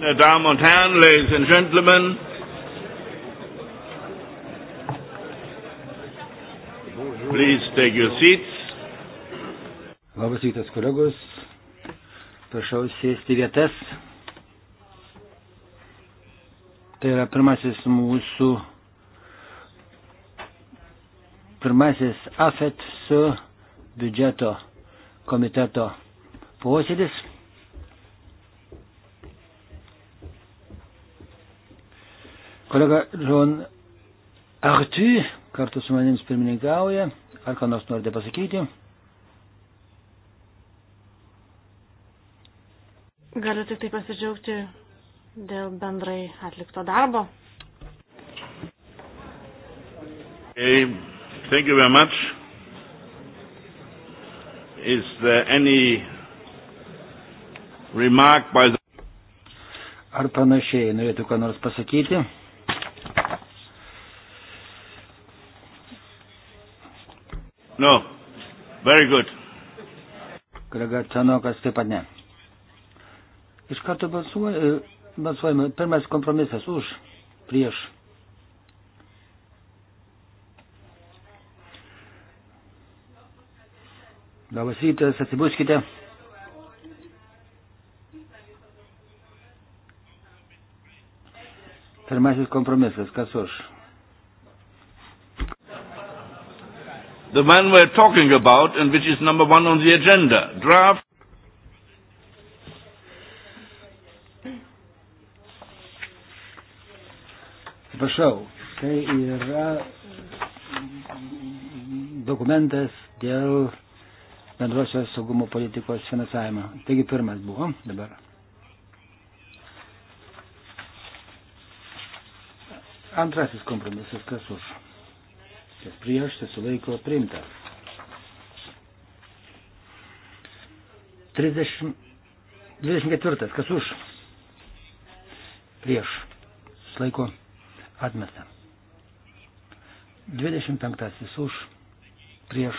Meine Damen und Herren, Ladies and Gentlemen, please take your seats. Labas rytas, kolegos. Prašau sėsti vietas. Tai yra pirmasis mūsų pirmasis AFET su biudžeto komiteto posėdis. Kolega John Arty kartu su manims pirmininkauja. Ar ką nors norite pasakyti? Galiu tik tai pasidžiaugti dėl bendrai atlikto darbo. Hey. Thank you very much. Is there any remark by the Ar panašiai norėtų ką nors pasakyti? No. Very good. Kolega Čanokas taip pat ne. Iš karto balsuojame. Pirmas kompromisas už, prieš Labas rytas, atsibuskite. Pirmasis kompromisas, kas už? The man we're talking about and which is number one on the agenda. Draft. Prašau, tai yra dokumentas dėl bendrosios saugumo politikos finansavimą. Taigi pirmas buvo dabar. Antrasis kompromisas, kas už? Kas prieš, kas sulaiko, priimta. 30, 24, kas už? Prieš, sulaiko, atmesta. 25 už, prieš,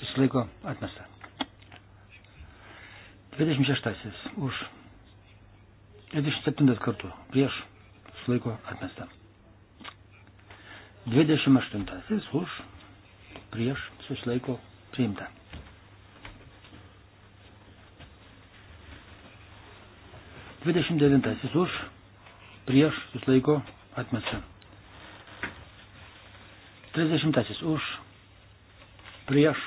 susilaiko atmesta. 26 už 27 kartų prieš susilaiko atmesta. 28 už prieš susilaiko priimta. Dvidešimt devintasis už, prieš, susilaiko, atmesta. Trisdešimtasis už, prieš,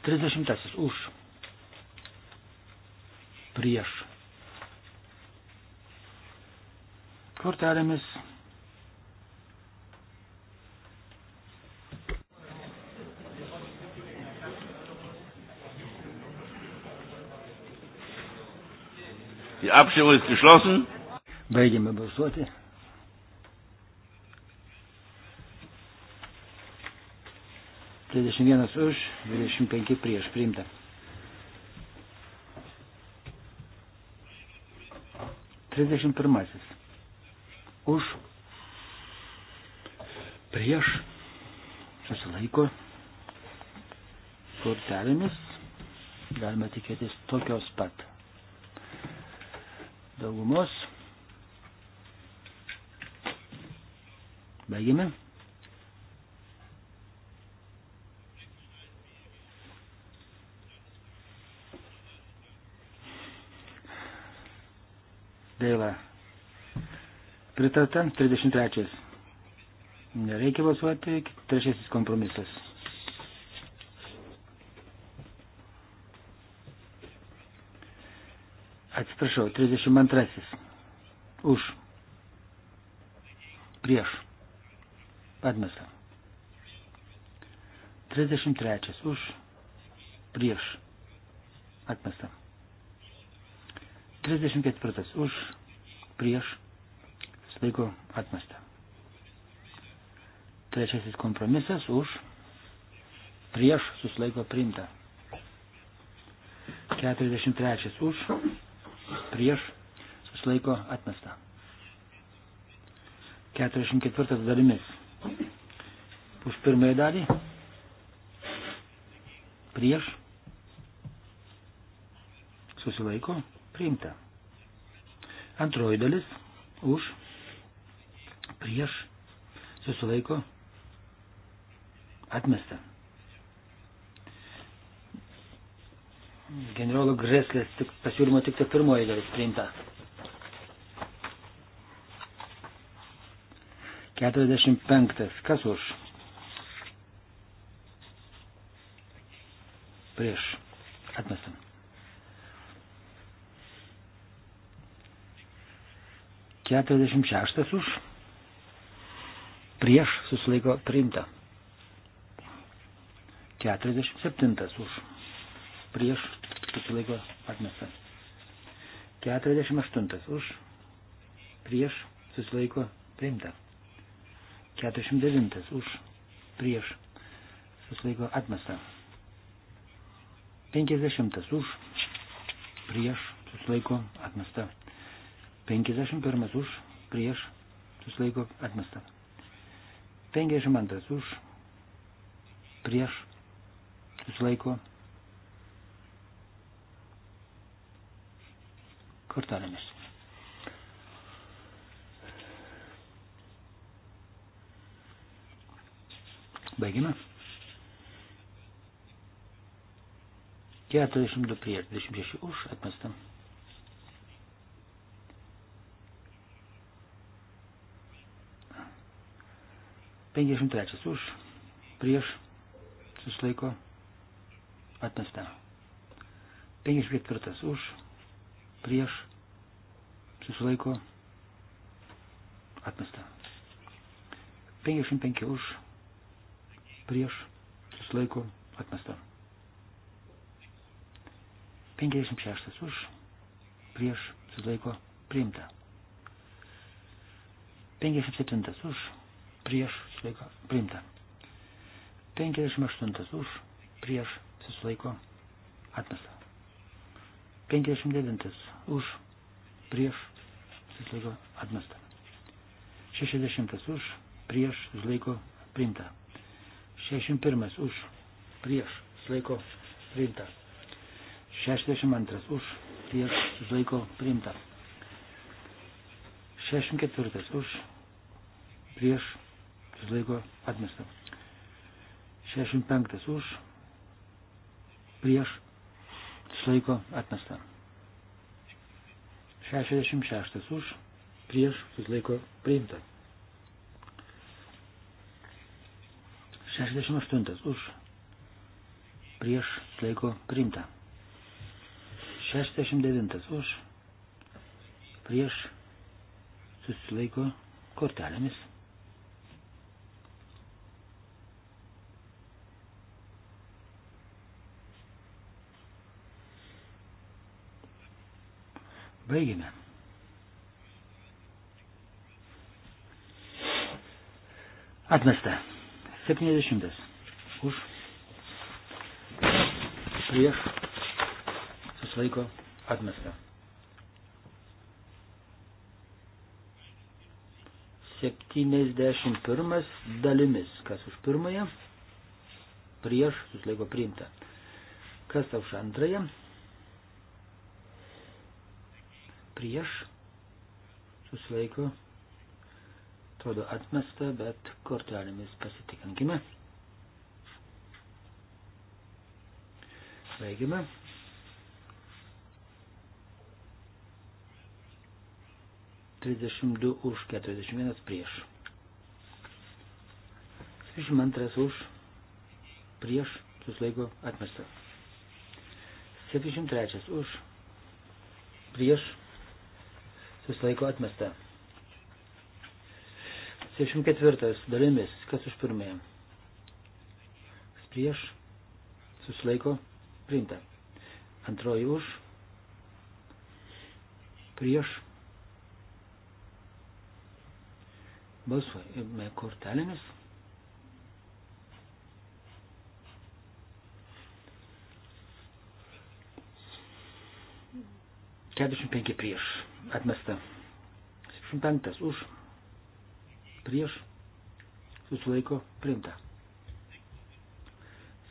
Trisdešimtasis už. Prieš. Kortelėmis. Die Abstimmung ist geschlossen. Baigėme balsuoti. 31 už, 25 prieš priimta. Trisdešimt pirmasis. Už. Prieš. Susilaiko. Kortelėmis. Galima tikėtis tokios pat. Daugumos. Baigime. Gaila. Pritarta 33. Nereikia balsuoti. Trečiasis kompromisas. Atsiprašau, 32. Už. Prieš. Atmesta. 33. Už. Prieš. Atmesta. 34 už, prieš, laiko atmesta. Trečiasis kompromisas už, prieš, suslaiko priimta. 43 už, prieš, suslaiko atmesta. 44 dalimis. Už pirmąją dalį, prieš, susilaiko, priimta. Antroji dalis už, prieš, susilaiko, atmesta. Generolo Greslės tik, pasiūlymo tik tai pirmoji dalis priimta. 45. Kas už? Prieš. 46 už. Prieš susilaiko priimta. 47 už. Prieš susilaiko atmestas. 48 už. Prieš susilaiko priimta. 49 už. Prieš susilaiko atmestą. 50 už. Prieš susilaiko atmestą. 51 už, prieš, susilaiko atmesta. 52 už, prieš, susilaiko kortelėmis. Baigime. 42 prieš, 26 už, atmestam. 53 už, prieš, susilaiko, atmesta. 54 už, prieš, susilaiko, atmesta. 55 už, prieš, susilaiko, atmesta. 56 už, prieš, susilaiko, priimta. 57 už, prieš susilaiko priimta. 58 už prieš susilaiko atmesta. 59 už prieš susilaiko atmesta. 60 už prieš susilaiko priimta. 61 už prieš susilaiko priimta. 62 už prieš susilaiko priimta. 64 už prieš susilaiko atmesta. 65 už, prieš, susilaiko atmesta. 66 už, prieš, susilaiko priimta. 68 už, prieš, susilaiko priimta. 69 už, prieš, susilaiko kortelėmis. Baigime. Atmesta. 70. Už. Prieš. Susilaiko. Atmesta. 71 dalimis. Kas už pirmąją? Prieš. Susilaiko priimta. Kas už antrąją? prieš, susilaiko, atrodo atmesta, bet kortelėmis pasitikinkime. Baigime. Trisdešimt du už, keturiasdešimt vienas prieš. Trisdešimt antras už, prieš, susilaiko, atmesta. Septyšimt trečias už, prieš, susilaiko atmesta. 64 dalimis, kas už pirmąją? Kas prieš, susilaiko, priimta. Antroji už, prieš, balsuojame kortelėmis. Keturiasdešimt penki prieš atmesta. 75 už, prieš, susilaiko, priimta.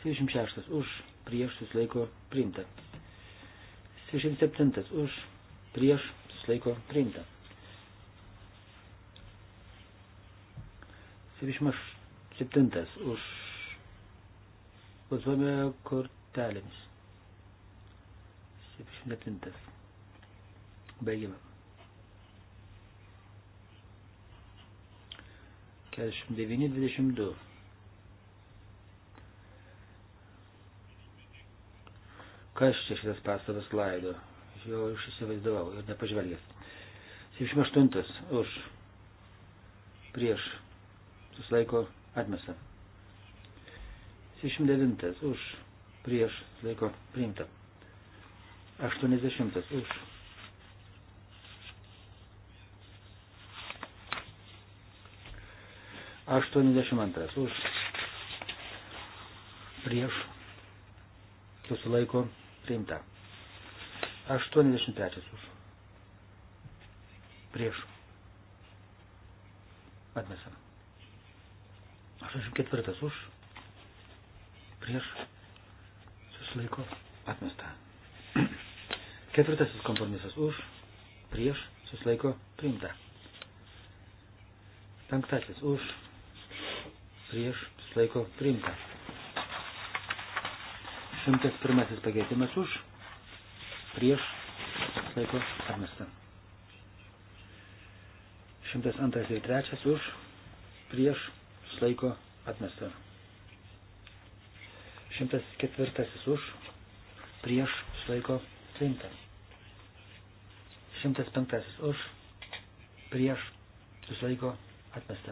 76 už, prieš, susilaiko, priimta. 67 už, prieš, susilaiko, priimta. 77 už, balsuojame kortelėmis. 77. Baigime. 49-22. Kas čia šitas pastabas laido? Jo aš įsivaizdavau ir nepažvelgęs. 78 už prieš susilaiko atmestą. 79 už prieš laiko priimta. 80 už 82 už prieš susilaiko priimta. 83 už prieš atmesam. 84 už prieš susilaiko atmesta. Ketvirtasis kompromisas už prieš susilaiko priimta. Penktasis už prieš laiko priimta. Šimtas pirmasis pakeitimas už, prieš laiko atmesta. Šimtas antras ir trečias už, prieš laiko atmesta. Šimtas ketvirtasis už, prieš laiko priimta. Šimtas penktasis už, prieš susilaiko atmesta.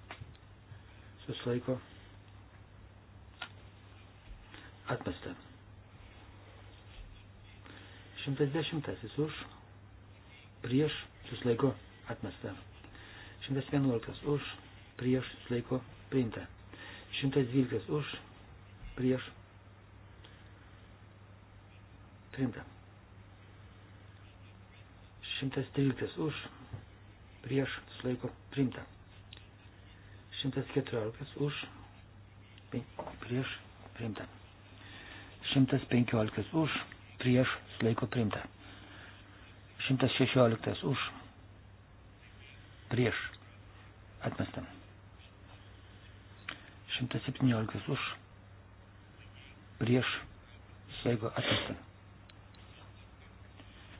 susilaiko atmesta. 110 už, prieš susilaiko atmesta. 111 už, prieš susilaiko priimta. 112 už, prieš priimta. 113 už, prieš susilaiko priimta. 114 už, prieš, priimta. 115 už, prieš, laiko priimta. 116 už, prieš, atmestam. 117 už, prieš, laiko atmestam.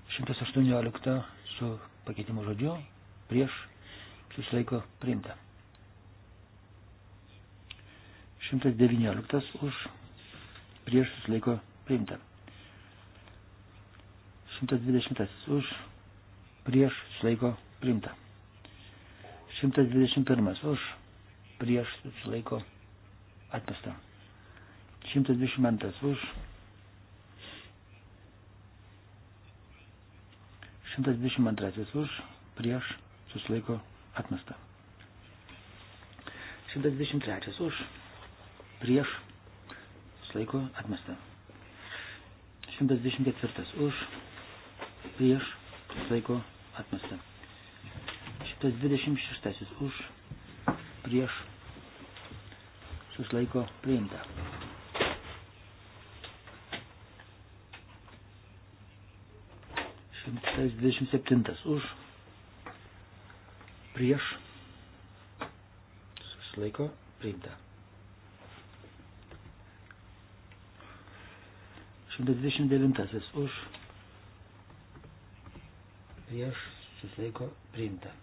118 su pakeitimo žodžiu, prieš, susilaiko priimta. 119 už prieš susilaiko priimta. 120 už prieš susilaiko priimta. 121 už prieš susilaiko atmesta. 122 už 122 už prieš susilaiko atmesta. 123 už prieš, susilaiko atmesta. 124 už, prieš, susilaiko atmesta. 126 už, prieš, susilaiko priimta. Šimtas dvidešimt septintas už, prieš, susilaiko priimta. 129 už prieš susilaiko priimta.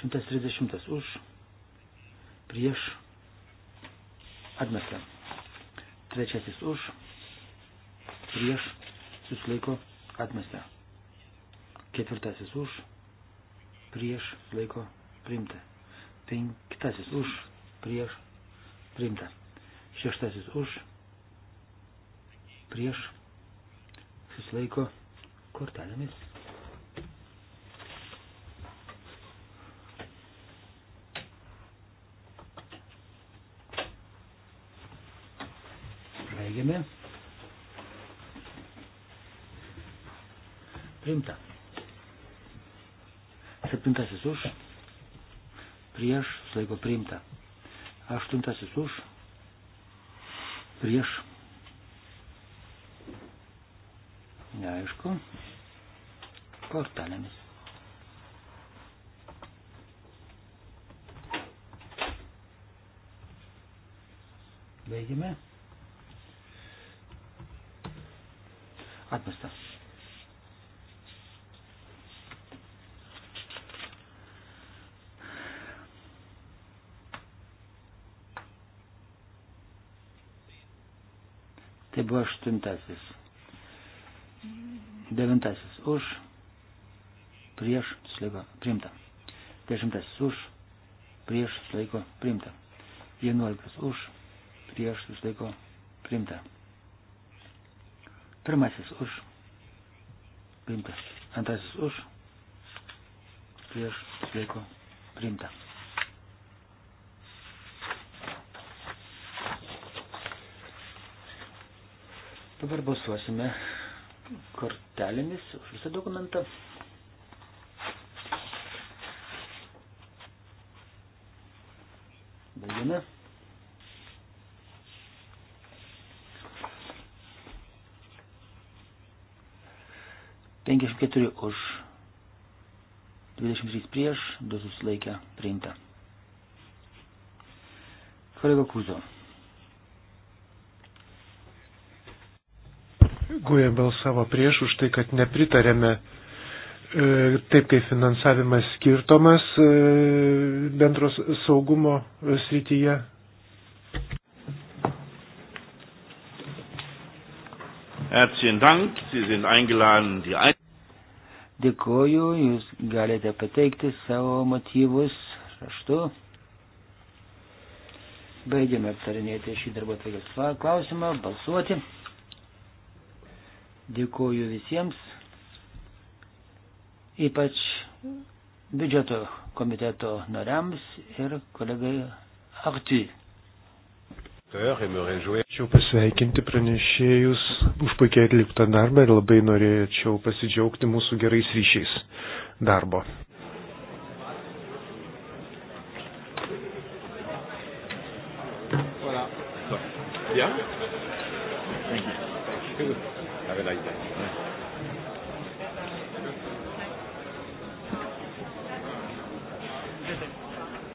130 už prieš atmesta. Trečiasis už prieš susilaiko atmesta. Ketvirtasis už prieš laiko priimta. Penktasis už prieš priimta. Šeštasis už prieš susilaiko kortelėmis. Baigiame. Rimta. Septintasis už. Prieš susilaiko priimta. Aštuntasis už. Prieš neaišku, kortelėmis. Baigime. Atmestas. Tai buvo aštuntasis. Devintasis už, prieš, susilaiko, primta. Dešimtasis už, prieš, susilaiko, primta. Vienuoliktas už, prieš, susilaiko, primta. Pirmasis už, primtas. Antrasis už, prieš, susilaiko, primta. Dabar balsuosime kortelėmis už visą dokumentą. Baigiame. Penkiasdešimt keturi už, dvidešimt trys prieš, du susilaikę priimta. Kolega Kuzo. Guja balsavo prieš už tai, kad nepritarėme e, taip, kaip finansavimas skirtomas e, bendros saugumo srityje. Dėkoju, jūs galite pateikti savo motyvus raštu. Baigiame aptarinėti šį darbo tvarkės klausimą, balsuoti. Dėkuoju visiems, ypač biudžeto komiteto nariams ir kolegai Artui. Norėčiau pasveikinti pranešėjus už puikiai atliktą darbą ir labai norėčiau pasidžiaugti mūsų gerais ryšiais darbo.